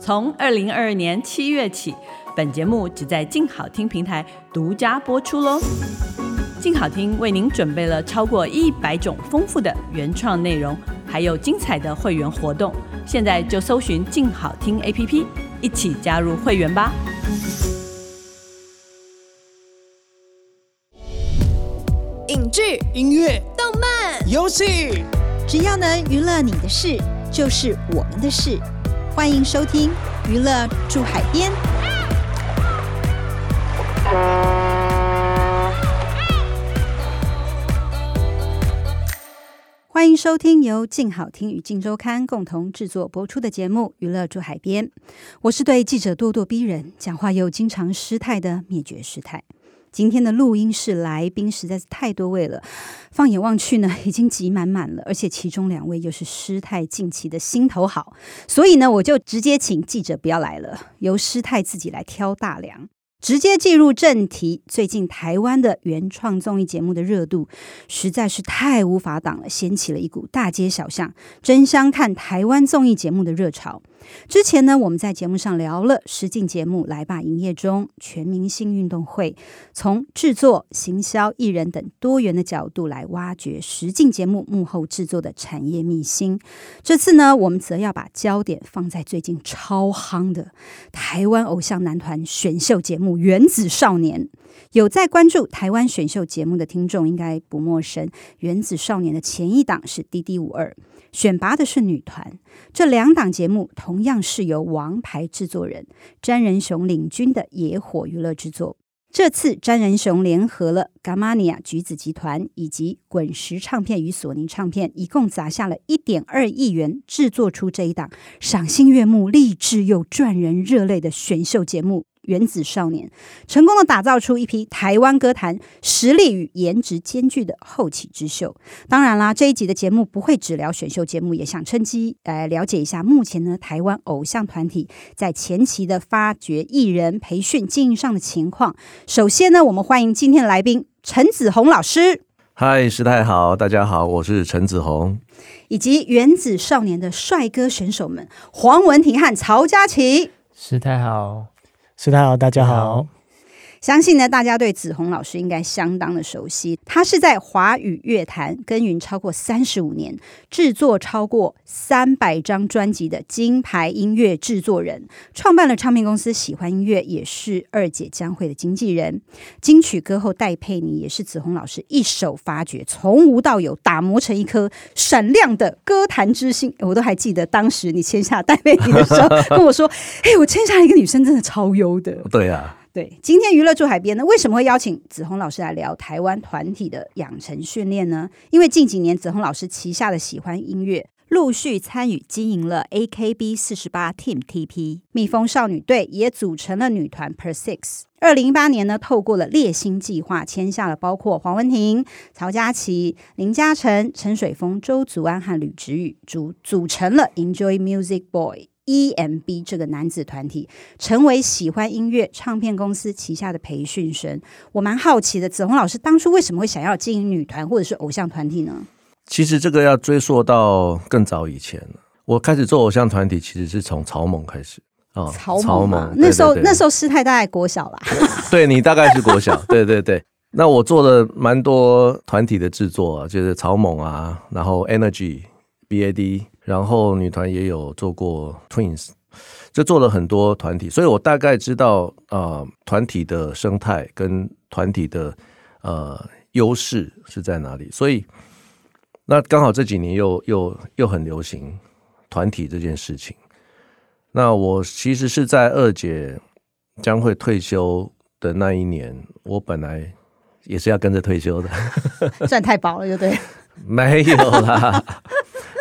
從二零二二年七月起，本節目只在鏡好聽平台獨家播出嘍。鏡好聽為您準備了超過一百種豐富的原創內容，還有精彩的會員活動。現在就搜尋鏡好聽 APP，一起加入會員吧！影劇、音樂、動漫、遊戲，只要能娛樂你的事，就是我們的事。歡迎收聽《娛樂住海邊》。歡迎收聽由鏡好聽與鏡週刊共同製作播出的節目《娛樂住海邊》。我是對記者咄咄逼人、講話又經常失態的滅絕師太。今天的錄音室來賓實在是太多位了，放眼望去呢，已經擠滿滿了。而且其中兩位又是師太近期的心頭好，所以呢，我就直接請記者不要來了，由師太自己來挑大梁。直接進入正題，最近台灣的原創綜藝節目的熱度實在是太無法擋了，掀起了一股大街小巷爭相看台灣綜藝節目的熱潮。之前呢，我們在節目上聊了實境節目《來吧營業中》、《全明星運動會》，從製作、行銷、藝人等多元的角度來挖掘實境節目幕後製作的產業秘辛。這次呢，我們則要把焦點放在最近超夯的台灣偶像男團選秀節目。原子少年，有在關注台灣選秀節目的聽眾應該不陌生。原子少年的前一檔是《DD52》，選拔的是女團。這兩檔節目同樣是由王牌制作人詹仁雄領軍的野火娛樂制作。這次詹仁雄聯合了 Gamania 橘子集團以及滾石唱片與索尼唱片，一共砸下了一點二億元，制作出這一檔賞心悅目、勵志又賺人熱淚的選秀節目。原子少年成功的打造出一批台灣歌壇實力與顏值兼具的後起之秀。當然啦，這一集的節目不會只聊選秀節目，也想趁機來了解一下目前呢，台灣偶像團體在前期的發掘、藝人培訓、經營上的情況。首先呢，我們歡迎今天的來賓陳子鴻老師。嗨，師太好，大家好，我是陳子鴻，以及原子少年的帥哥選手們黃文廷和曹家齊。師太好。師大好，大家好。相信呢，大家對子鴻老師應該相當的熟悉。他是在華語樂壇耕耘超過三十五年，製作超過三百張專輯的金牌音樂製作人，創辦了唱片公司“喜歡音樂”，也是二姐江蕙的經紀人。金曲歌后戴佩妮也是子鴻老師一手發掘，從無到有打磨成一顆閃亮的歌壇之星。我都還記得當時你簽下戴佩妮的時候，跟我說：“哎， 我簽下一個女生真的超優的。”對呀、啊。對，今天娛樂住海邊呢，為什麼會邀請子鴻老師來聊台灣團體的養成訓練呢？因為近幾年子鴻老師旗下的喜歡音樂陸續參與經營了 A K B 四十八 Team T P 蜜蜂少女隊，也組成了女團 Per Six。二零一八年呢，透過了獵星計劃簽下了包括黃文廷、曹家齊、林嘉誠、陳水峰、周祖安和呂植宇，組組成了 Enjoy Music Boy。E.M.B 這個男子團體成為喜歡音樂唱片公司旗下的培訓生，我蠻好奇的。子鴻老師當初為什麼會想要經營女團或者是偶像團體呢？其實這個要追溯到更早以前了，我開始做偶像團體其實是從草蜢開始哦。草蜢那時候，對對對，那時候師太大概國小啦。 對你大概是國小，對對對。 那我做了蠻多團體的制作啊，就是草蜢啊，然後 Energy、B.A.D。然後女團也有做過 Twins，就做了很多團體，所以我大概知道啊、呃、團體的生態跟團體的呃優勢是在哪裡。所以那剛好這幾年又又又很流行團體這件事情。那我其實是在二姐將會退休的那一年，我本來也是要跟着退休的， 賺太薄了，對不對，沒有啦。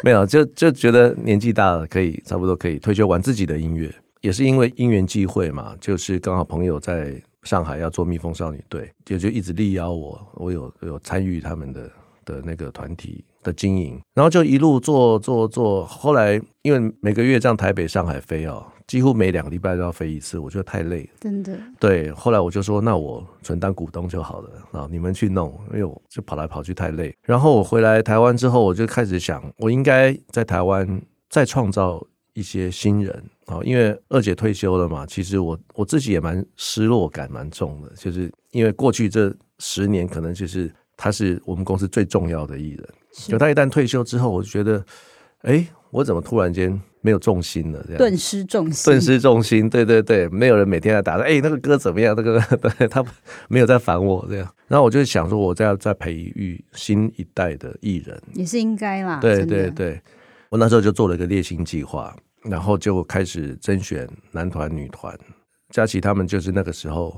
沒有，就就覺得年紀大了，可以差不多可以退休玩自己的音樂，也是因為因緣際會嘛，就是剛好朋友在上海要做蜜蜂少女隊，就就一直力邀我，我有有參與他們的的那個團體的經營，然後就一路做做做，後來因為每個月這樣台北、上海飛哦。幾乎每兩個禮拜都要飛一次，我覺得太累了。真的。對，後來我就說，那我純當股東就好了啊，你們去弄，哎喲就跑來跑去太累。然後我回來台灣之後，我就開始想，我應該在台灣再創造一些新人啊，因為二姐退休了嘛。其實我我自己也蠻失落感蠻重的，就是因為過去這十年，可能就是她是我們公司最重要的藝人。有她一旦退休之後，我就覺得，哎、欸，我怎麼突然間？沒有重心了，這樣。頓失重心，頓失重心，對對對，沒有人每天來打誒，哎、欸，那個歌怎麼樣？那個對，他沒有在煩我，這樣。然後我就想說我在，我再要再培育新一代的藝人，也是應該啦。對對，對對，我那時候就做了一個獵星計劃，然後就開始甄選男團、女團。家齊他們就是那個時候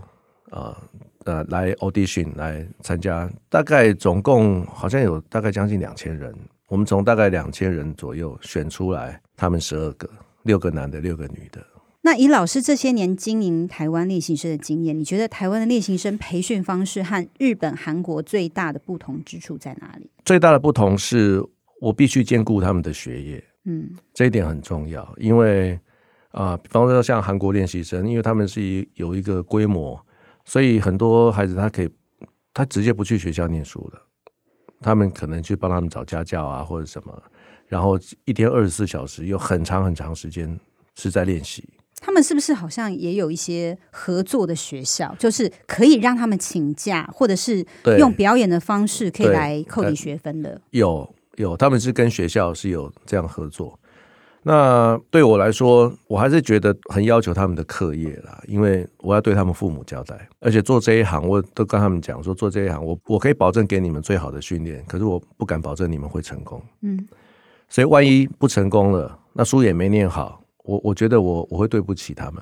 啊呃，呃來 audition 來參加，大概總共好像有大概將近兩千人。我們從大概兩千人左右選出來，他們十二個，六個男的，六個女的。那以老師這些年經營台灣練習生的經驗，你覺得台灣的練習生培訓方式和日本、韓國最大的不同之處在哪裡？最大的不同是我必須兼顧他們的學業，嗯，這一點很重要，因為啊、呃，比方說像韓國練習生，因為他們是有一個規模，所以很多孩子他可以他直接不去學校念書了。他們可能去幫他們找家教啊，或者什麼，然後一天二十四小時，有很長很長時間是在練習。他們是不是好像也有一些合作的學校，就是可以讓他們請假，或者是用表演的方式可以來扣抵學分的？有有，他們是跟學校是有這樣合作。那對我來說，我還是覺得很要求他們的課業啦，因為我要對他們父母交代。而且做這一行，我都跟他們講說，做這一行，我我可以保證給你們最好的訓練，可是我不敢保證你們會成功。嗯，所以萬一不成功了，那書也沒唸好，我我覺得我我會對不起他們。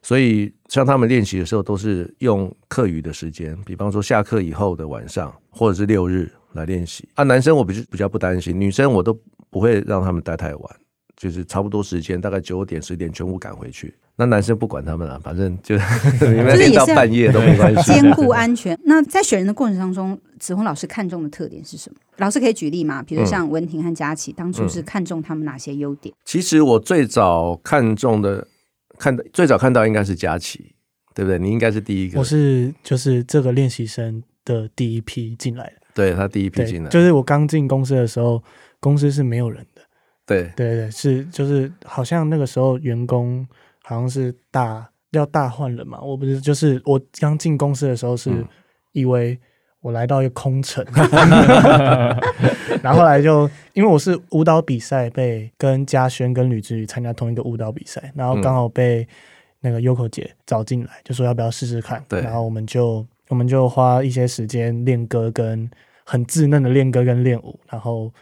所以像他們練習的時候，都是用課餘的時間，比方說下課以後的晚上，或者是六日來練習。啊，男生我比較比較不擔心，女生我都不會讓他們待太晚。就是差不多時間，大概九點十點全部趕回去。那男生不管他們了，啊，反正就是，因為到半夜都沒關係，兼 顧安全。那在選人的過程當中，子 鴻老師看中的特點是什麼？老師可以舉例嘛？比如像文廷和家齊，嗯，當初是看中他們哪些優點，嗯？其實我最早看中的，看最早看到應該是家齊，對不對？你應該是第一個，我是就是這個練習生的第一批進來的，對他第一批進來，就是我剛進公司的時候，公司是沒有人。對對對，是就是，好像那個時候員工好像是大要大換了嘛，我不是就是我剛進公司的時候是以為我來到一個空城，嗯、 然後後來就因為我是舞蹈比賽，被跟嘉軒跟呂子宇參加同一個舞蹈比賽，然後剛好被那個 Yoko 姐找進來，就說要不要試試看，對。然後我們就我們就花一些時間練歌，跟很稚嫩的練歌跟練舞，然後。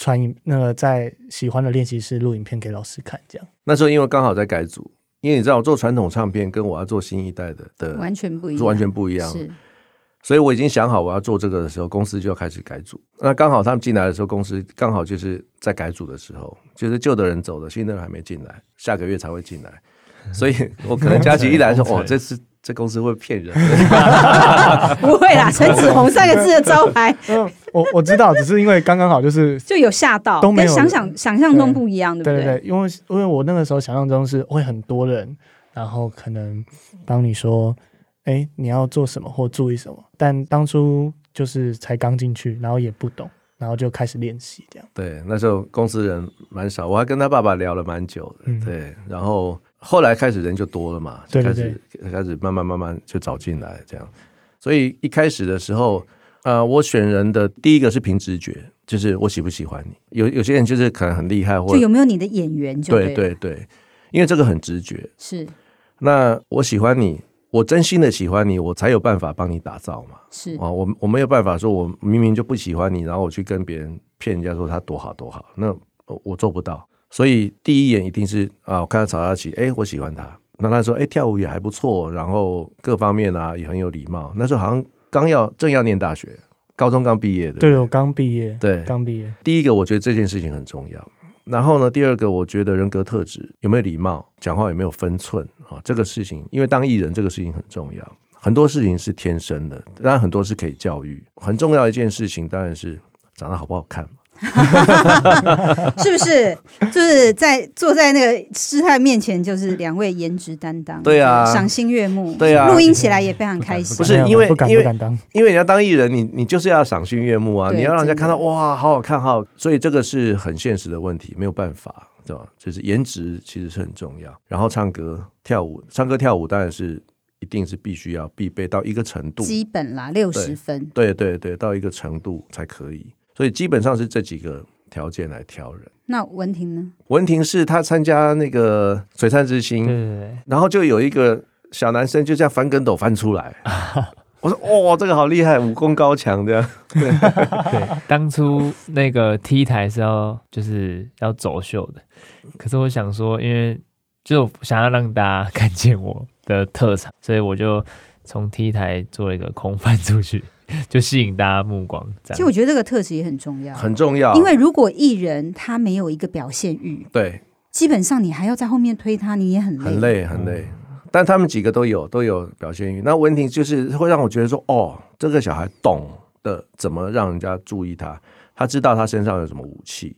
傳影，那個在喜歡的練習室錄影片給老師看，這樣。那時候因為剛好在改組，因為你知道我做傳統唱片跟我要做新一代的的完全不一樣，完全不一樣。是，所以我已經想好我要做這個的時候，公司就要開始改組。那剛好他們進來的時候，公司剛好就是在改組的時候，就是舊的人走了，新的人還沒進來，下個月才會進來。嗯，所以我可能家齊一來說，哦，這次。這公司會騙人？ 不會啦，陳 子鴻三個字的招牌 、嗯。我我知道，只是因為剛剛好就是 就有嚇到。都沒有想想。想想想象中不一樣，對不對？對對，對因為因為我那個時候想象中是會很多人，然後可能幫你說，哎、嗯欸，你要做什麼或注意什麼。但當初就是才剛進去，然後也不懂，然後就開始練習這樣。對，那時候公司人蠻少，我還跟他爸爸聊了蠻久的、嗯。對，然後。後來開始人就多了嘛，就開始，對對對，開始慢慢慢慢就找進來這樣，所以一開始的時候，呃，我選人的第一個是憑直覺，就是我喜不喜歡你。有有些人就是可能很厲害，或者就有沒有你的眼緣，對對對，因為這個很直覺。是，那我喜歡你，我真心的喜歡你，我才有辦法幫你打造嘛。是啊，我我沒有辦法說我明明就不喜歡你，然後我去跟別人騙人家說他多好多好，那我做不到。所以第一眼一定是啊，我看到曹家齊，哎、欸，我喜歡他。然那她說，哎、欸，跳舞也還不錯，然後各方面啊也很有禮貌。那時候好像剛要正要念大學，高中剛畢業的。對，我剛畢業。對，剛畢業。第一個，我覺得這件事情很重要。然後呢，第二個，我覺得人格特質有沒有禮貌，講話有沒有分寸啊，這個事情，因為當藝人這個事情很重要，很多事情是天生的，當然很多是可以教育。很重要一件事情當然是長得好不好看。哈哈哈哈哈！是不是就是在坐在那個師太面前，就是兩位顏值擔當，對啊，賞心悅目，對啊，錄音起來也非常開心。不,不,不是不因為不不因為不敢當，因為你要當藝人，你你就是要賞心悅目啊，你要讓人家看到哇，好好看好，所以這個是很現實的問題，沒有辦法，對吧？就是顏值其實是很重要，然後唱歌跳舞，唱歌跳舞當然是一定是必須要必備到一個程度，基本啦，六十分。對，對對對，到一個程度才可以。所以基本上是這幾個條件來挑人。那文廷呢？文廷是他參加那個《璀璨之星》，對對對，然後就有一個小男生就這樣翻跟斗翻出來， 我說：“哇、哦，這個好厲害，武功高強這樣。 ” 對，當初那個 T 台是要就是要走秀的，可是我想說，因為就想要讓大家看見我的特長，所以我就從 T 台做一個空翻出去。 就吸引大家目光，其實我覺得這個特質也很重要，很重要。因為如果藝人他沒有一個表現欲，對，基本上你還要在後面推他，你也很累，很累，很累。哦、但他們幾個都有，都有表現欲。那文廷就是會讓我覺得說，哦，這個小孩懂得怎麼讓人家注意他，他知道他身上有什麼武器，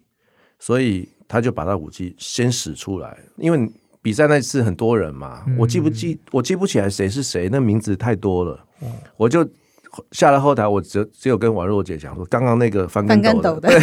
所以他就把他的武器先使出來。因為比賽那次很多人嘛，我記不記，嗯嗯我記不起來誰是誰，那名字太多了，嗯、我就。下了後台，我只只有跟王若姐講說，剛剛那個翻跟斗的，對，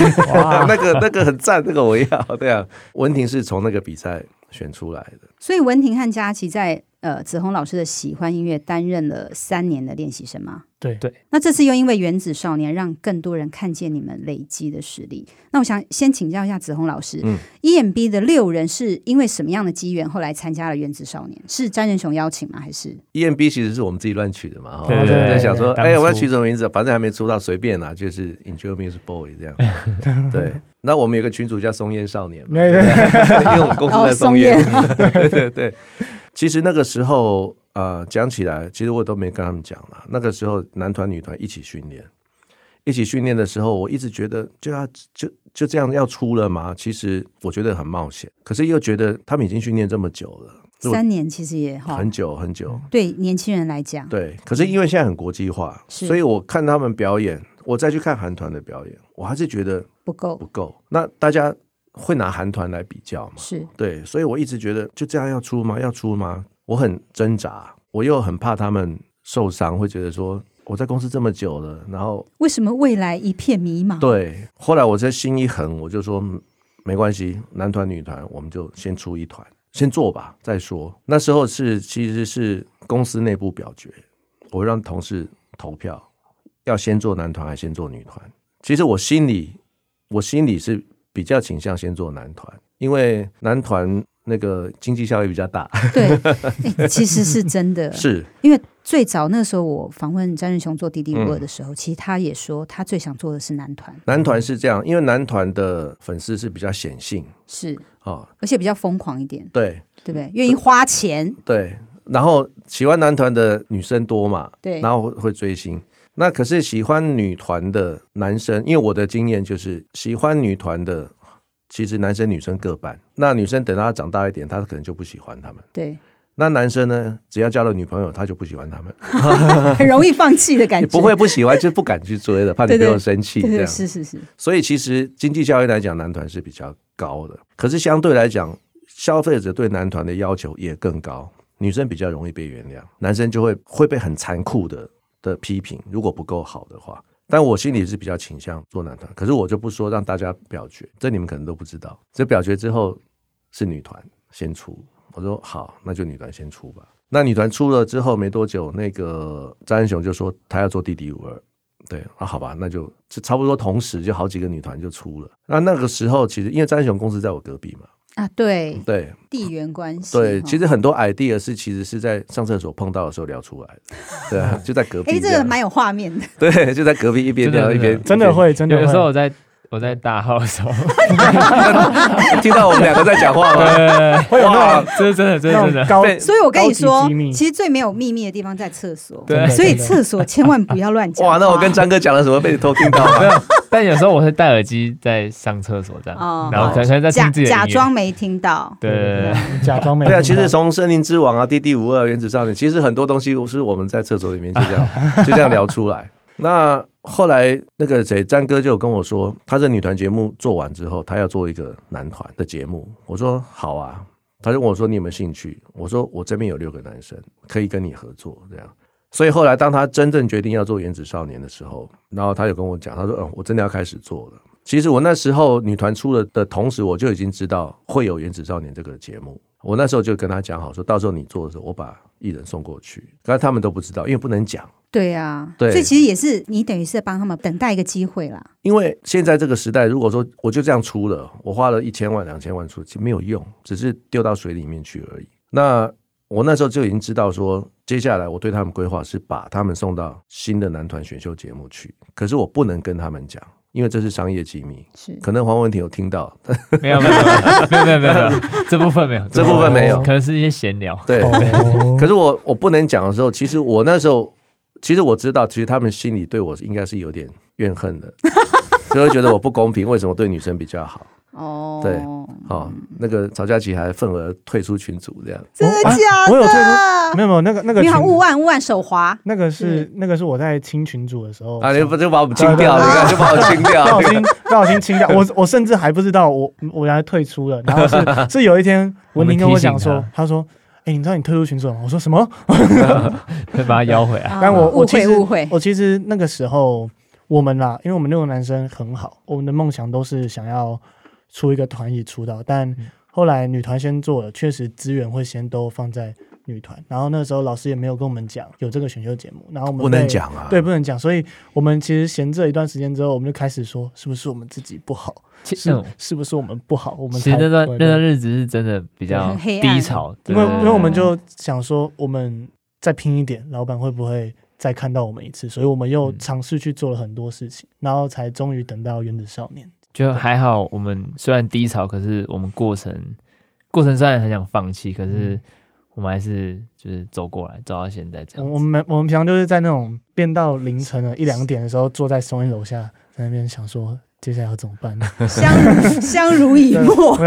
那個那個很讚，那個我要。對啊，文廷是從那個比賽選出來的，所以文廷和家齊在。呃，子鴻老師的喜歡音樂擔任了三年的練習生嗎？對對。那這次又因為《原子少年》，讓更多人看見你們累積的實力。那我想先請教一下子鴻老師，嗯，E M B 的六人是因為什麼樣的機緣後來參加了《原子少年》？是詹仁雄邀請嗎？還是 E M B 其實是我們自己亂取的嘛？對對、對、對、對。在想說，哎、欸，我要取什麼名字？反正還沒出道，隨便啦、啊，就是 Enjoy Music Boy 這樣。 對。那我們有個群組叫松菸少年，沒有。因為我們公司在、哦、松菸。 對、對、對對。其實那個時候，呃，講起來，其實我都沒跟他們講了。那個時候，男團、女團一起訓練，一起訓練的時候，我一直覺得就要，啊、就就這樣要出了嘛。其實我覺得很冒險，可是又覺得他們已經訓練這麼久了，三年其實也好，很久很久。對年輕人來講，對。可是因為現在很國際化，所以我看他們表演，我再去看韓團的表演，我還是覺得不夠，不夠。那大家。會拿韓團來比較嗎？是，對，所以我一直覺得就這樣要出嗎？要出嗎？我很掙扎，我又很怕他們受傷，會覺得說我在公司這麼久了，然後為什麼未來一片迷茫？對，後來我這心一橫，我就說沒關係，男團女團，我們就先出一團，先做吧，再說。那時候是其實是公司內部表決，我讓同事投票，要先做男團還是先做女團？其實我心裡，我心裡是。比較傾向先做男團，因為男團那個經濟效益比較大。對。對、欸，其實是真的， 是因為最早那時候我訪問詹仁雄做迪迪我的時候、嗯，其實他也說他最想做的是男團。男團是這樣，嗯、因為男團的粉絲是比較顯性，是哦，而且比較瘋狂一點，對對不對？願意花錢，對，然後喜歡男團的女生多嘛，對，然後會追星。那可是喜歡女團的男生，因為我的經驗就是喜歡女團的，其實男生女生各半。那女生等到她長大一點，她可能就不喜歡他們。對。那男生呢？只要交了女朋友，他就不喜歡他們， 很容易放棄的感覺。 不會不喜歡，就是不敢去追了，怕你女朋友生氣。對對對，是是是。所以其實經濟效益來講，男團是比較高的。可是相對來講，消費者對男團的要求也更高。女生比較容易被原諒，男生就會會被很殘酷的。的批評如果不夠好的話，但我心裡是比較傾向做男團，可是我就不說，讓大家表決，這你們可能都不知道。這表決之後是女團先出，我說好，那就女團先出吧。那女團出了之後沒多久，那個張振雄就說他要做弟弟五二，對，那、啊、好吧，那就就差不多同時就好幾個女團就出了。那那個時候其實因為張振雄公司在我隔壁嘛。啊，對對，地緣關係，對，嗯、對其實很多 idea 是，其實是在上廁所碰到的時候聊出來的， 對啊，就在隔壁，誒，這個蠻有畫面的，對，就在隔壁一邊聊一邊，真的，真的，真的會，真的，有的時候我在。我在大號的時候 聽到我們兩個在講話嗎？ 對，對，對，對，會有那種，這是真的，真的真的。高對。所以，我跟你說，其實最沒有秘密的地方在廁所。對，所以廁所千萬不要亂講。 哇，那我跟張哥講了什麼 被你偷聽到、啊？ 沒有？但有時候我會戴耳機在上廁所這樣， 然後可在在在、哦、假裝沒聽到。對，對，對，對，假裝沒聽到。對啊，其實從森林之王啊， 滴滴無二，原子少年，其實很多東西都是我們在廁所裡面就這樣 就這樣聊出來。那後來，那個誰，詹哥就有跟我說，他這女團節目做完之後，他要做一個男團的節目。我說好啊。他就跟我說你有沒有興趣？我說我這邊有六個男生可以跟你合作，這樣。所以後來，當他真正決定要做《原子少年》的時候，然後他就跟我講，他說：“嗯，我真的要開始做了。”其實我那時候女團出了的同時，我就已經知道會有《原子少年》這個節目。我那時候就跟他講好說，說到時候你做的時候，我把藝人送過去。可是他們都不知道，因為不能講。對呀、啊，所以其實也是你等於是幫他們等待一個機會啦。因為現在這個時代，如果說我就這樣出了，我花了一千萬、兩千萬出去，沒有用，只是丟到水裡面去而已。那我那時候就已經知道說，接下來我對他們規劃是把他們送到新的男團選秀節目去。可是我不能跟他們講，因為這是商業機密。是，可能黃文廷有聽到，沒有沒有沒有沒有沒有，沒有沒有沒有沒有 這部分沒有，這部分沒有，可能是一些閒聊對。對， 可是我我不能講的時候，其實我那時候。其實我知道，其實他們心裡對我應該是有點怨恨的， 所以會覺得我不公平。 為什麼對女生比較好？哦、oh.，對，哦，那個曹家齊還憤而退出群組，這樣真的假的、哦啊我有退出？沒有沒有，那個那個群你好勿忘勿忘手滑。那個是，是、那個、是那個是我在清群組的時候啊，你直接就把我們清掉了 你看，就把我清掉，不 小心不小心清掉。我我甚至還不知道我我原來退出了，然後是是有一天 文廷跟我講說有有他，他說。欸、你知道你特殊群組嗎？我說什麼？可以把他邀回來？ 但我我其實、啊、誤會、誤會，我其實那個時候我們啦，因為我們六個男生很好，我們的夢想都是想要出一個團以出道，但後來女團先做了，確實資源會先都放在。女團，然後那時候老師也沒有跟我們講有這個選秀節目，然後我們不能講啊，對，不能講，所以我們其實閒着了一段時間之後，我們就開始說是不是我們自己不好，其嗯、是是不是我們不好，我們其實那段那段日子是真的比較低潮，對對對，因為因為我們就想說我們再拼一點，老板會不會再看到我們一次，所以我們又嘗試去做了很多事情，嗯、然後才終於等到原子少年，就還好，我們雖然低潮，可是我們過程過程雖然很想放棄，可是、嗯。我們還是就是走過來，走到現在這樣。我們我們平常就是在那種變到凌晨的一兩點的時候，坐在松一樓下，在那邊想說接下來要怎麼辦呢？ 相相濡以沫，互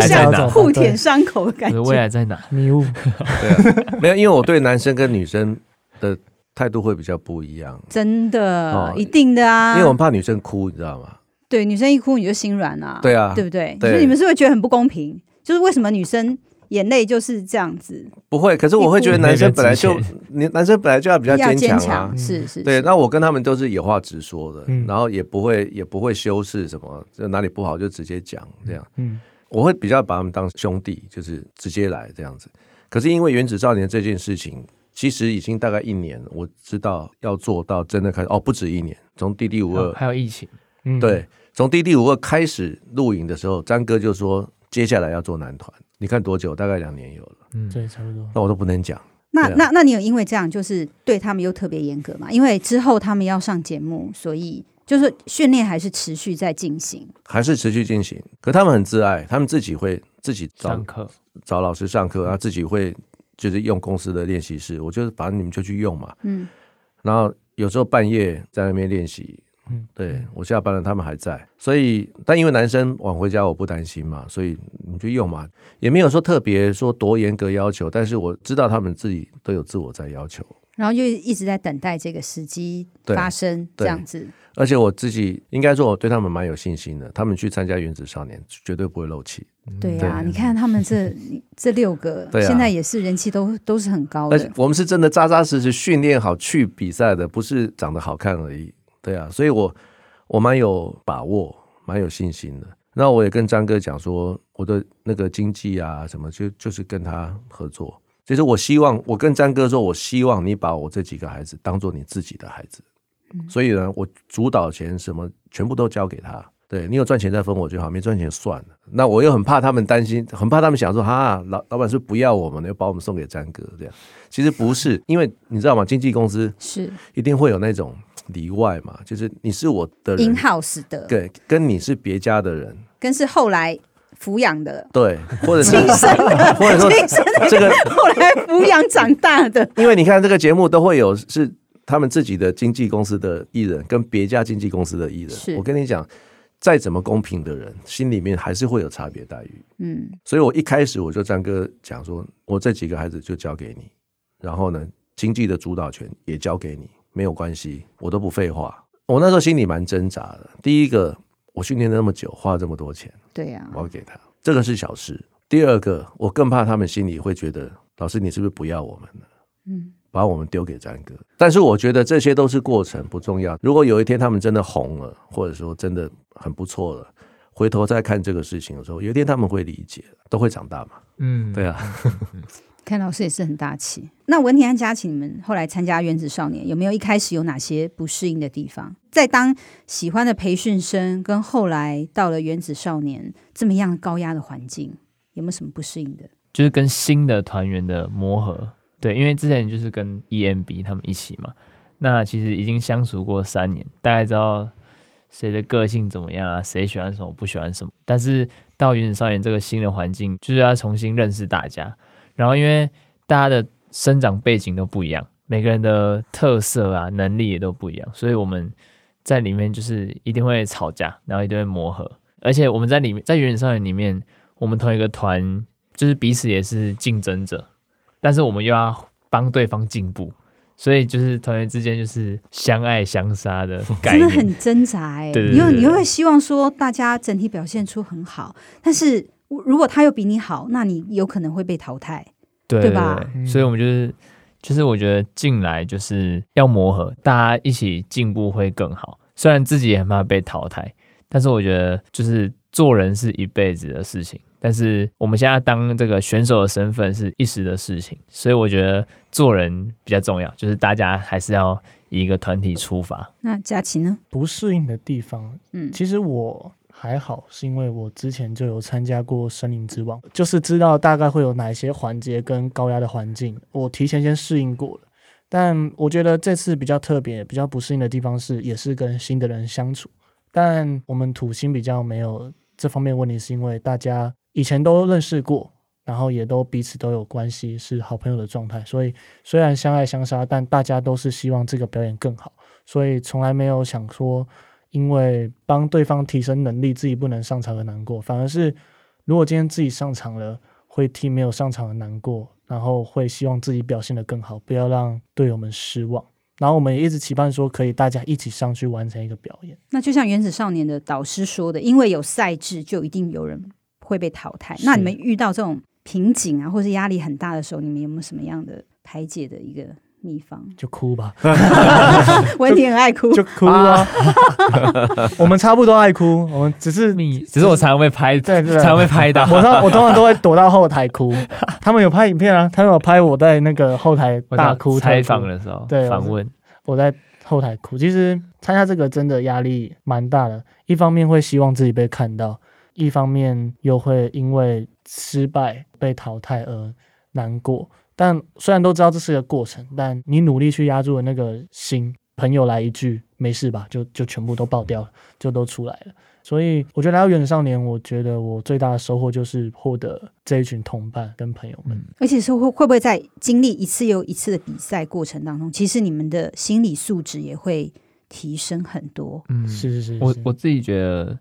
相 說互舔傷口的感覺，未來在哪？對迷霧 對、啊。沒有，因為我對男生跟女生的態度會比較不一樣。真的，嗯、一定的啊。因為我們怕女生哭，你知道嗎？對，女生一哭你就心軟啊。對啊，對不對，對？所以你們是不是覺得很不公平？就是為什麼女生？眼淚就是這樣子，不會。可是我會覺得男生本來就，男生本來就男生本來就要比較堅強，啊堅強，是是，是。對，那我跟他們都是有話直說的，嗯、然後也不會也不會修飾什麼，就哪裡不好就直接講這樣，嗯。我會比較把他們當兄弟，就是直接來這樣子。可是因為原子少年這件事情，其實已經大概一年，我知道要做到真的開始哦，不止一年。從 DD52 還有疫情，嗯、對，從 DD52 開始錄影的時候，詹哥就說接下來要做男團。你看多久？大概兩年有了，嗯，對，差不多。那我都不能講，啊。那那那你有因為這樣，就是對他們又特別嚴格嘛？因為之後他們要上節目，所以就是訓練還是持續在進行，還是持續進行。可他們很自愛，他們自己會自己上課，找老師上課，然後自己會就是用公司的練習室。我就是反正你們就去用嘛，嗯。然後有時候半夜在那邊練習。嗯，對我下班了，他們還在，所以但因為男生晚回家，我不擔心嘛，所以你就用嘛，也沒有說特別說多嚴格要求，但是我知道他們自己都有自我在要求。然後就一直在等待這個時機發生這樣子。而且我自己應該說，我對他們蠻有信心的，他們去參加原子少年絕對不會漏氣。嗯、對呀，你看他們這 這六個，現在也是人氣都都是很高的。啊、而我們是真的扎扎實實訓練好去比賽的，不是長得好看而已。對啊，所以我我蠻有把握，蠻有信心的。那我也跟張哥講說，我的那個經紀啊，什麼就就是跟他合作。其實我希望我跟張哥說，我希望你把我這幾個孩子當做你自己的孩子，嗯。所以呢，我主導錢什麼全部都交給他。對，你有賺錢再分我就好，沒賺錢算了。那我又很怕他們擔心，很怕他們想說哈，老老板是不，是不要我們，又把我們送給張哥這樣，啊。其實不是，因為你知道嗎？經紀公司是一定會有那種。裡外嘛，就是你是我的人，In-house 的，對，跟你是別家的人，跟是後來撫養的對，或者是 親生，的，或者說親生的這個後來撫養長大的，這個。因為你看這個節目都會有是他們自己的經紀公司的藝人跟別家經紀公司的藝人。我跟你講，再怎麼公平的人，心裡面還是會有差別待遇。嗯，所以我一開始我就張哥講說，我這幾個孩子就交給你，然後呢，經紀的主導權也交給你。沒有關係，我都不廢話。我那時候心裡蠻掙扎的。第一個，我訓練了那麼久，花這麼多錢，對呀、啊，我要給他，這個是小事。第二個，我更怕他們心裡會覺得，老師，你是不是不要我們了？嗯，把我們丟給詹哥。但是我覺得這些都是過程，不重要。如果有一天他們真的紅了，或者說真的很不錯了，回頭再看這個事情的時候，有一天他們會理解，都會長大嘛。嗯，對啊。 看到，師也是很大氣。那文廷和家齊你們後來參加《原子少年》，有沒有一開始有哪些不適應的地方？在當喜歡的培訓生，跟後來到了《原子少年》這麼樣高壓的環境，有沒有什麼不適應的？就是跟新的團員的磨合。對，因為之前就是跟 E M B 他們一起嘛，那其實已經相處過三年，大概知道誰的個性怎麼樣啊，誰喜歡什麼，不喜歡什麼。但是到《原子少年》這個新的環境，就是要重新認識大家。然後，因為大家的生長背景都不一樣，每個人的特色啊、能力也都不一樣，所以我們在裡面就是一定會吵架，然後一定會磨合。而且我們在裡面，在《原子少年》裡面，我們同一個團就是彼此也是競爭者，但是我們又要幫對方進步，所以就是團員之間就是相愛相殺的感覺，真的很掙扎、欸。哎，你又你又會希望說大家整體表現出很好，但是。如果他又比你好，那你有可能會被淘汰，對，對，對，對，對吧？嗯。所以我們就是，就是我覺得進來就是要磨合，大家一起進步會更好。雖然自己也很怕被淘汰，但是我覺得就是做人是一輩子的事情。但是我們現在當這個選手的身份是一時的事情，所以我覺得做人比較重要，就是大家還是要以一個團體出發。那佳琪呢？不適應的地方，嗯，其實我。還好，是因為我之前就有參加過《森林之王》，就是知道大概會有哪些環節跟高壓的環境，我提前先適應過了。但我覺得這次比較特別、比較不適應的地方是，也是跟新的人相處。但我們土星比較沒有這方面問題，是因為大家以前都認識過，然後也都彼此都有關係，是好朋友的狀態。所以雖然相愛相殺，但大家都是希望這個表演更好，所以從來沒有想說。因為幫對方提升能力，自己不能上場而難過，反而是如果今天自己上場了，會替沒有上場的難過，然後會希望自己表現得更好，不要讓隊友們失望。然後我們也一直期盼說，可以大家一起上去完成一個表演。那就像《原子少年》的導師說的，因為有賽制，就一定有人會被淘汰。那你們遇到這種瓶頸啊，或是壓力很大的時候，你們有沒有什麼樣的排解的一個？秘方就哭吧，文廷很愛哭， 就哭啊,啊。 我們差不多愛哭，我們只是，只是我才會拍， 才會拍到。 我,我通常都會躲到後台哭。 他們有拍影片啊，他們有拍我在那個後台大哭採訪的時候，對，訪問我在後台哭。其實參加這個真的壓力蠻大的，一方面會希望自己被看到，一方面又會因為失敗被淘汰而難過。但雖然都知道這是一個過程，但你努力去壓住的那個心，朋友來一句“沒事吧”，就就全部都爆掉了，就都出來了。所以我覺得來到《原子少年》，我覺得我最大的收穫就是獲得這一群同伴跟朋友們。嗯、而且是會會不會在經歷一次又一次的比賽過程當中，其實你們的心理素質也會提升很多。嗯，是是是，是，我我自己覺得，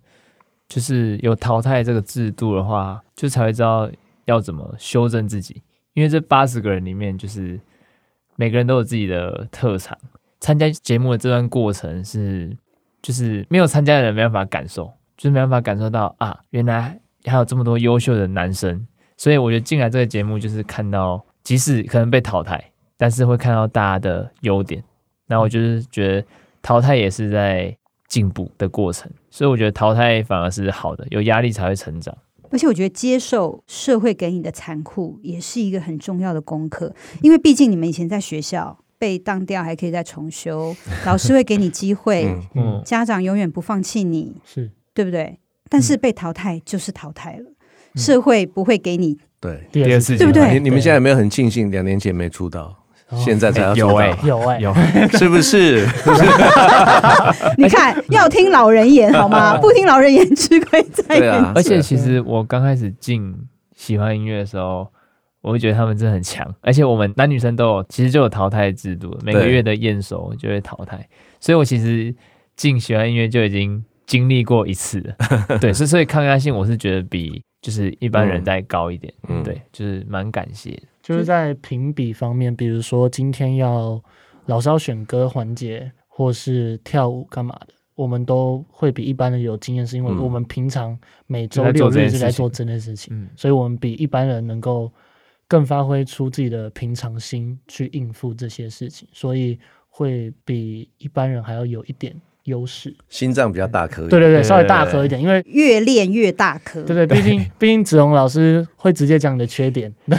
就是有淘汰這個制度的話，就才會知道要怎麼修正自己。因為這八十個人裡面，就是每個人都有自己的特長。參加節目的這段過程是，就是沒有參加的人沒辦法感受，就是沒辦法感受到啊，原來還有這麼多優秀的男生。所以我覺得進來這個節目，就是看到即使可能被淘汰，但是會看到大家的優點。然後我就是覺得淘汰也是在進步的過程，所以我覺得淘汰反而是好的，有壓力才會成長。而且我覺得接受社會給你的殘酷也是一個很重要的功課，因為畢竟你們以前在學校被當掉還可以再重修，老師會給你機會， 嗯、家長永遠不放棄你，是、嗯，對不對、嗯？但是被淘汰就是淘汰了，嗯、社會不會給你對第二次機會，對不對，對？你們現在有沒有很慶幸，兩年前沒出道。現在才要做、欸，有哎、欸，有哎、欸，不 是不是？ 你看，要聽老人言好嗎？ 不聽老人言，吃虧在眼前。而且，其實我剛開始進喜歡音樂的時候，我會覺得他們真的很強。而且，我們男女生都有，其實就有淘汰制度，每個月的驗收就會淘汰。所以我其實進喜歡音樂就已經經歷過一次了。對，所以抗壓性，我是覺得比。就是一般人再高一點，嗯、對、嗯，就是蠻感謝。就是在評比方面，比如說今天要老是要選歌環節，或是跳舞幹嘛的，我們都會比一般人有經驗，是因為我們平常每周六日是來做這件事情、嗯、在做這件事情，所以我們比一般人能夠更發揮出自己的平常心去應付這些事情，所以會比一般人還要有一點，優勢，心臟比較大顆，對，對對對，稍微大顆一點，對對對對，因為越練越大顆。對對，對，畢竟畢竟子鴻老師會直接講你的缺點。家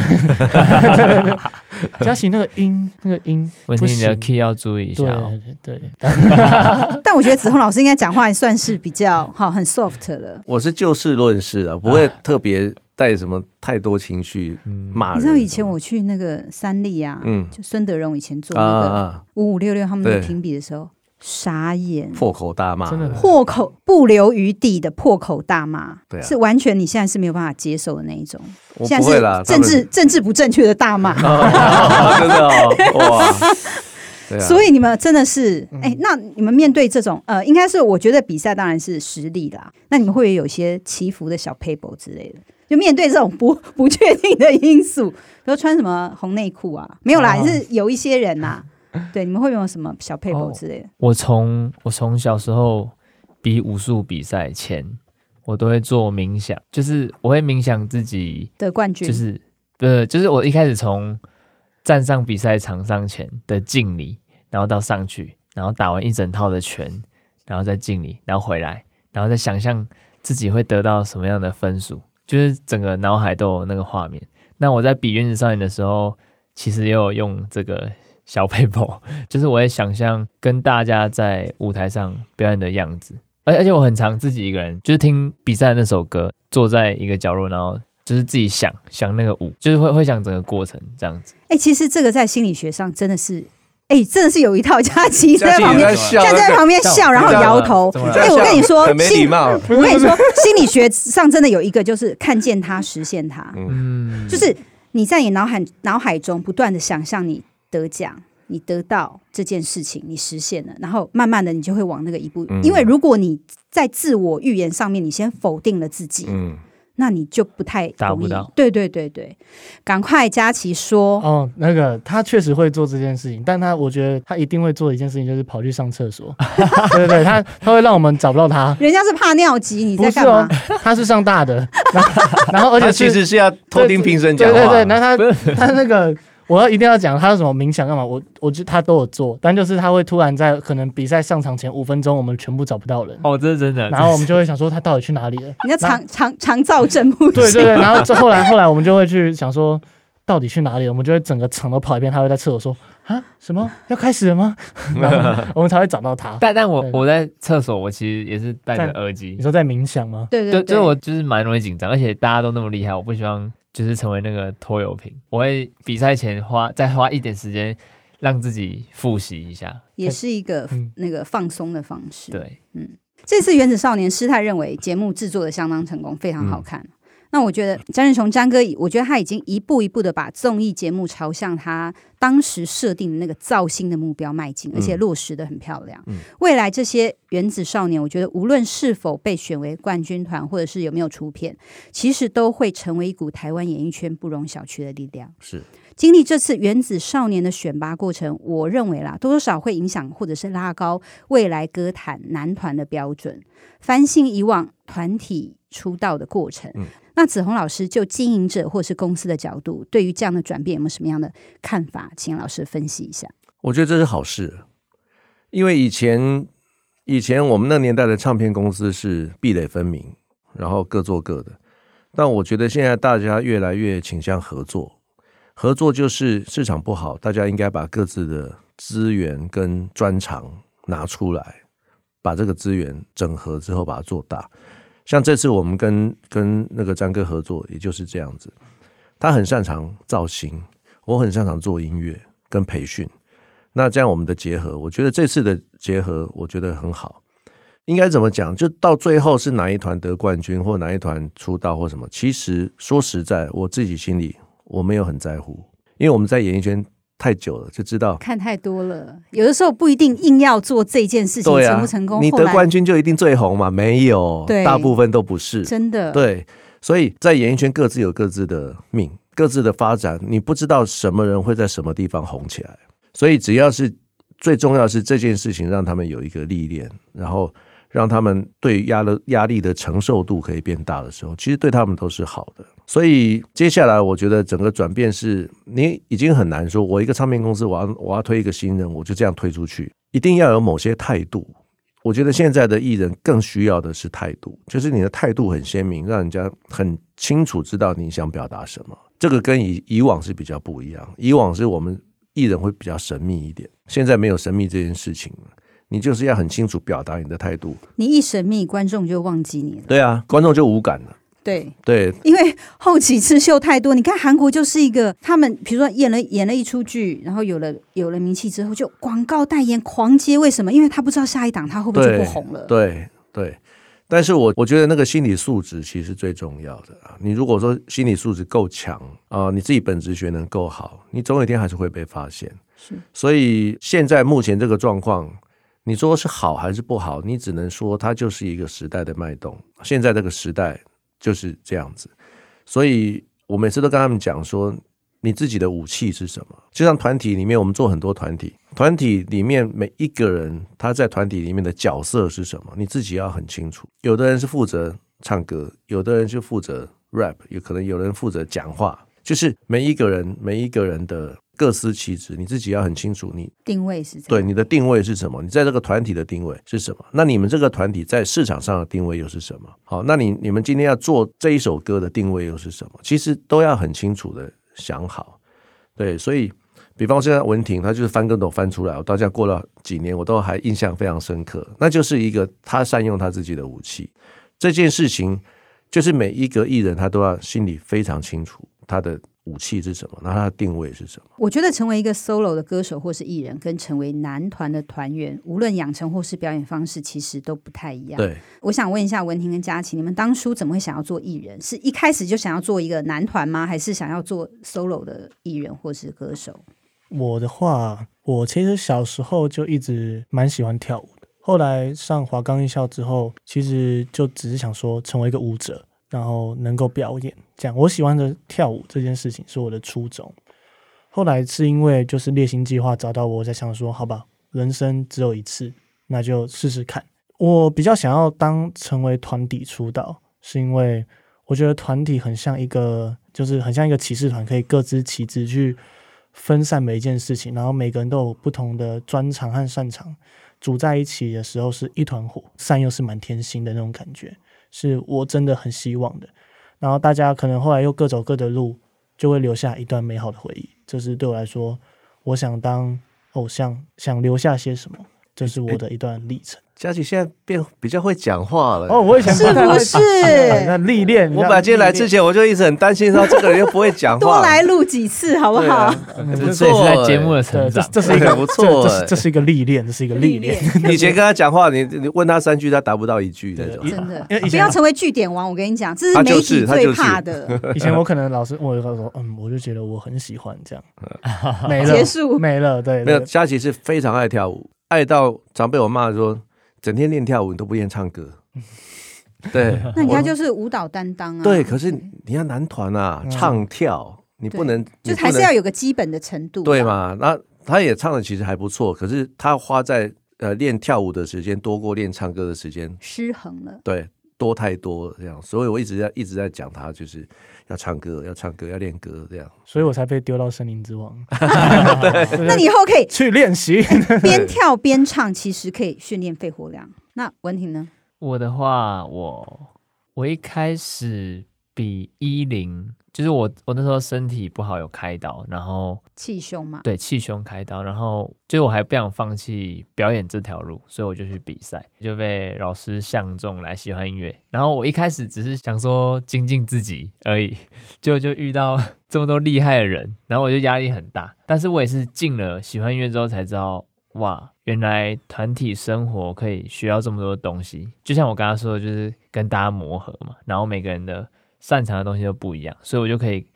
齊對 那個音，那個音，我聽你的 key 要注意一下、哦。對，對，對，對 但我覺得子鴻老師應該講話還算是比較好，很 soft 的。我是就事論事的，不會特別帶什麼太多情緒罵、嗯。你知道以前我去那個三立啊，嗯，就孫德榮以前做那個五五六六他們的評比的時候。傻眼，破口大罵，真的破口不留餘地的破口大罵，是完全你現在是沒有辦法接受的那一種，我現在是政治政治不正確的大罵 的、哦 啊，所以你們真的是，哎、欸，那你們面對這種，呃，應該是我覺得比賽當然是實力啦，那你們會有一些祈福的小撇步之類的？就面對這種不不確定的因素，比如穿什麼紅內褲啊，沒有啦，哦、是有一些人吶。嗯對，你們會有什麼小配合之類的？Oh, 我從我從小時候比武術比賽前，我都會做冥想，就是我會冥想自己的，就是，冠軍，就是呃，就是我一開始從站上比賽場上前的敬禮，然後到上去，然後打完一整套的拳，然後再敬禮，然後回來，然後再想象自己會得到什麼樣的分數，就是整個腦海都有那個畫面。那我在比原子少年的時候，其實也有用這個。小 paper 就是我也想象跟大家在舞台上表演的樣子，而且而且我很常自己一個人，就是聽比賽那首歌，坐在一個角落，然後就是自己想想那個舞，就是會會想整個過程這樣子。哎、欸，其實這個在心理學上真的是，哎、欸，真的是有一套佳。家齊在，在旁邊站在旁邊笑，然後搖頭。哎、欸，我跟你說， 很沒禮貌。不是不是我跟你說， 心理學上真的有一個，就是看見他實現他。嗯，就是你在你腦海腦海中不斷的想象你。得獎，你得到這件事情，你實現了，然後慢慢的你就會往那個一步。嗯、因為如果你在自我預言上面，你先否定了自己，嗯，那你就不太意打不到。對對對對，趕快家齊說哦，那個他確實會做這件事情，但他我覺得他一定會做一件事情，就是跑去上廁所。 對，對對，他他會讓我們找不到他。人家是怕尿急，你在幹嘛？是哦、他是上大的， 然後然後而且他其實是要偷聽評審講話。對，對對對，那他他那個。 我要一定要講他有什麼冥想幹嘛我？我我就他都有做，但就是他會突然在可能比賽上場前五分鐘，我們全部找不到人。哦，這是真的。然後我們就會想說他到底去哪裡了？人家常常常躁症不行。 對對對，然後就後來 後來我們就會去想說到底去哪裡了？我們就會整個場都跑一遍，他會在廁所說啊，什麼要開始了嗎？ 然後我們 我們才會找到他。但但我對對對，我在廁所，我其實也是戴着耳機。你說在冥想嗎？對對對，對就，所以我就是蠻容易緊張，而且大家都那麼厲害，我不希望。就是成為那個拖油瓶，我會比賽前花再花一點時間，讓自己複習一下，也是一個、嗯、那個放鬆的方式。對，嗯，這次《原子少年》師太認為節目制作的相當成功，非常好看。嗯那我覺得詹仁雄詹哥，我覺得他已經一步一步的把綜藝節目朝向他當時設定的那個造星的目標邁進，而且落實得很漂亮。嗯嗯。未來這些原子少年，我覺得無論是否被選為冠軍團，或者是有沒有出片，其實都會成為一股台灣演藝圈不容小覷的力量。是。經歷這次原子少年的選拔過程，我認為啦，多少會影響或者是拉高未來歌壇男團的標準。翻新以往團體出道的過程，嗯、那子鴻老師就經營者或是公司的角度，對於這樣的轉變有沒有什麼樣的看法？請老師分析一下。我覺得這是好事，因為以前，以前我們那年代的唱片公司是壁壘分明，然後各做各的。但我覺得現在大家越來越傾向合作。合作就是市場不好，大家應該把各自的資源跟專長拿出來，把這個資源整合之後把它做大。像這次我們跟跟那個張哥合作，也就是這樣子。他很擅長造型，我很擅長做音樂跟培訓。那這樣我們的結合，我覺得這次的結合，我覺得很好。應該怎麼講？就到最後是哪一團得冠軍，或哪一團出道，或什麼？其實說實在，我自己心裡。我沒有很在乎，因為我們在演藝圈太久了，就知道看太多了。有的時候不一定硬要做這件事情成不成功，啊，你得冠軍就一定最紅嘛？沒有，大部分都不是真的。對，所以在演藝圈各自有各自的命，各自的發展，你不知道什麼人會在什麼地方紅起來。所以只要是最重要的是這件事情，讓他們有一個歷練，然後。讓他們對壓力壓力的承受度可以變大的時候，其實對他們都是好的。所以接下來，我覺得整個轉變是你已經很難說。我一個唱片公司，我要，我我要推一個新人，我就這樣推出去，一定要有某些態度。我覺得現在的藝人更需要的是態度，就是你的態度很鮮明，讓人家很清楚知道你想表達什麼。這個跟以以往是比較不一樣。以往是我們藝人會比較神秘一點，現在沒有神秘這件事情。你就是要很清楚表達你的態度。你一神秘，觀眾就忘記你了。對啊，觀眾就無感了。對對，因為後幾次秀太多。你看韓國就是一個，他們比如說演了演了一齣劇，然後有了有了名氣之後，就廣告代言狂接。為什麼？因為他不知道下一檔他會不會就不紅了。對對,對，但是我我覺得那個心理素質其實最重要的啊。你如果說心理素質夠強啊，你自己本職學能夠好，你總有一天還是會被發現。是，所以現在目前這個狀況。你說是好還是不好？你只能說它就是一個時代的脈動。現在這個時代就是這樣子，所以我每次都跟他們講說，你自己的武器是什麼？就像團體裡面，我們做很多團體，團體裡面每一個人他在團體裡面的角色是什麼，你自己要很清楚。有的人是負責唱歌，有的人是負責 rap，有可能有人負責講話，就是每一個人每一個人的。各司其職，你自己要很清楚你，你定位是？對，你的定位是什麼？你在這個團體的定位是什麼？那你們這個團體在市場上的定位又是什麼？好，那你你們今天要做這一首歌的定位又是什麼？其實都要很清楚的想好。對，所以比方現在文廷，她就是翻跟斗翻出來，我大家過了幾年，我都還印象非常深刻。那就是一個他善用他自己的武器，這件事情就是每一個藝人他都要心裡非常清楚他的。武器是什麼？那它的定位是什麼？我覺得成為一個 solo 的歌手或是藝人，跟成為男團的團員，無論養成或是表演方式，其實都不太一樣。對，我想問一下文廷跟家齊，你們當初怎麼會想要做藝人？是一開始就想要做一個男團嗎？還是想要做 solo 的藝人或是歌手？我的話，我其實小時候就一直蠻喜歡跳舞的。後來上華岡藝校之後，其實就只是想說成為一個舞者。然後能夠表演，這樣我喜歡的跳舞這件事情是我的初衷。後來是因為就是獵星計劃找到我，在想說，好吧，人生只有一次，那就試試看。我比較想要當成為團體出道，是因為我覺得團體很像一個，就是很像一個騎士團，可以各司其職去分散每一件事情，然後每個人都有不同的專長和擅長，組在一起的時候是一團火，散又是滿天星的那種感覺。是我真的很希望的，然後大家可能後來又各走各的路，就會留下一段美好的回憶。這是對我來說，我想當偶像，想留下些什麼，這是我的一段歷程。家齊現在變比較會講話了。哦，我以前不，是，不是。那歷練。我本來今天來之前，我就一直很擔心說，這個人又不會講話。多來錄幾次，好不好？啊啊欸，不欸、這是在節目的成長，這是這，是這是一個，不欸、這是這是一個歷練，這是一個歷練。以前跟他講話，你你問他三句，他答不到一句。真的。不要成為句點王，我跟你講，這是媒體最怕的。以前我可能老是，我他說，嗯，我就覺得我很喜歡這樣。沒了。結束沒了。對。沒有，家齊是非常愛跳舞，愛到常被我罵說。整天練跳舞你都不願意唱歌，對。 那人家就是舞蹈擔當啊。對，可是你要男團啊，唱跳你不能， 就是還是要有個基本的程度，對嘛？那他也唱的其實還不錯，可是他花在呃練跳舞的時間多過練唱歌的時間，失衡了。對，多太多這樣，所以我一直在一直在講他就是。要唱歌，要唱歌，要練歌，這樣，所以我才被丟到森林之王。 那你以後可以 去練習，邊跳邊唱，其實可以訓練肺活量。 那文廷呢？我的話，我我一開始比一零。就是我，我那時候身體不好，有開刀，然後氣胸嘛，對，氣胸開刀，然後就我還不想放棄表演這條路，所以我就去比賽，就被老師相中來喜歡音樂。然後我一開始只是想說精進自己而已，結果就遇到這麼多厲害的人，然後我就壓力很大。但是我也是進了喜歡音樂之後才知道，哇，原來團體生活可以學到這麼多東西。就像我剛剛說的，就是跟大家磨合嘛，然後每個人的。擅長的東西都不一樣，所以我就可以，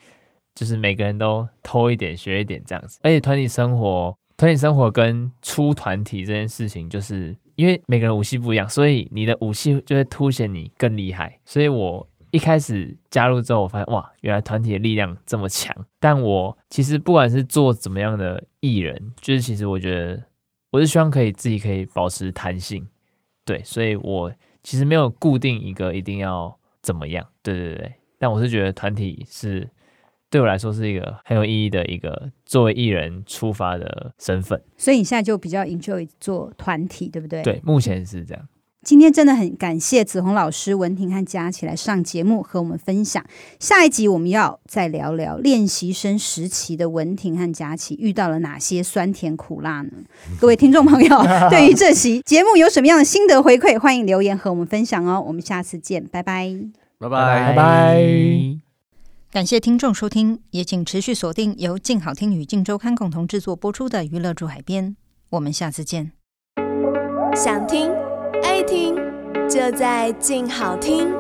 就是每個人都偷一點學一點這樣子。而且團體生活，團體生活跟出團體這件事情，就是因為每個人武器不一樣，所以你的武器就會凸顯你更厲害。所以我一開始加入之後，我發現哇，原來團體的力量這麼強。但我其實不管是做怎麼樣的藝人，就是其實我覺得我是希望可以自己可以保持彈性，對，所以我其實沒有固定一個一定要。怎麼樣？對對對，但我是覺得團體是對我來說是一個很有意義的一個作為藝人出發的身份，所以你現在就比較 enjoy 做團體，對不對？對，目前是這樣。今天真的很感謝子鴻老師、文廷和家齊來上節目和我們分享。下一集我們要再聊聊練習生時期的文廷和家齊遇到了哪些酸甜苦辣呢？ 各位聽眾朋友，對於這期節目有什麼樣的心得回饋， 歡迎留言和我們分享哦。我們下次見，拜拜，拜拜，感謝聽眾收聽，也請持續鎖定由鏡好聽與鏡週刊共同制作播出的《娛樂住海邊》，我們下次見。想聽。愛聽就在靜好聽。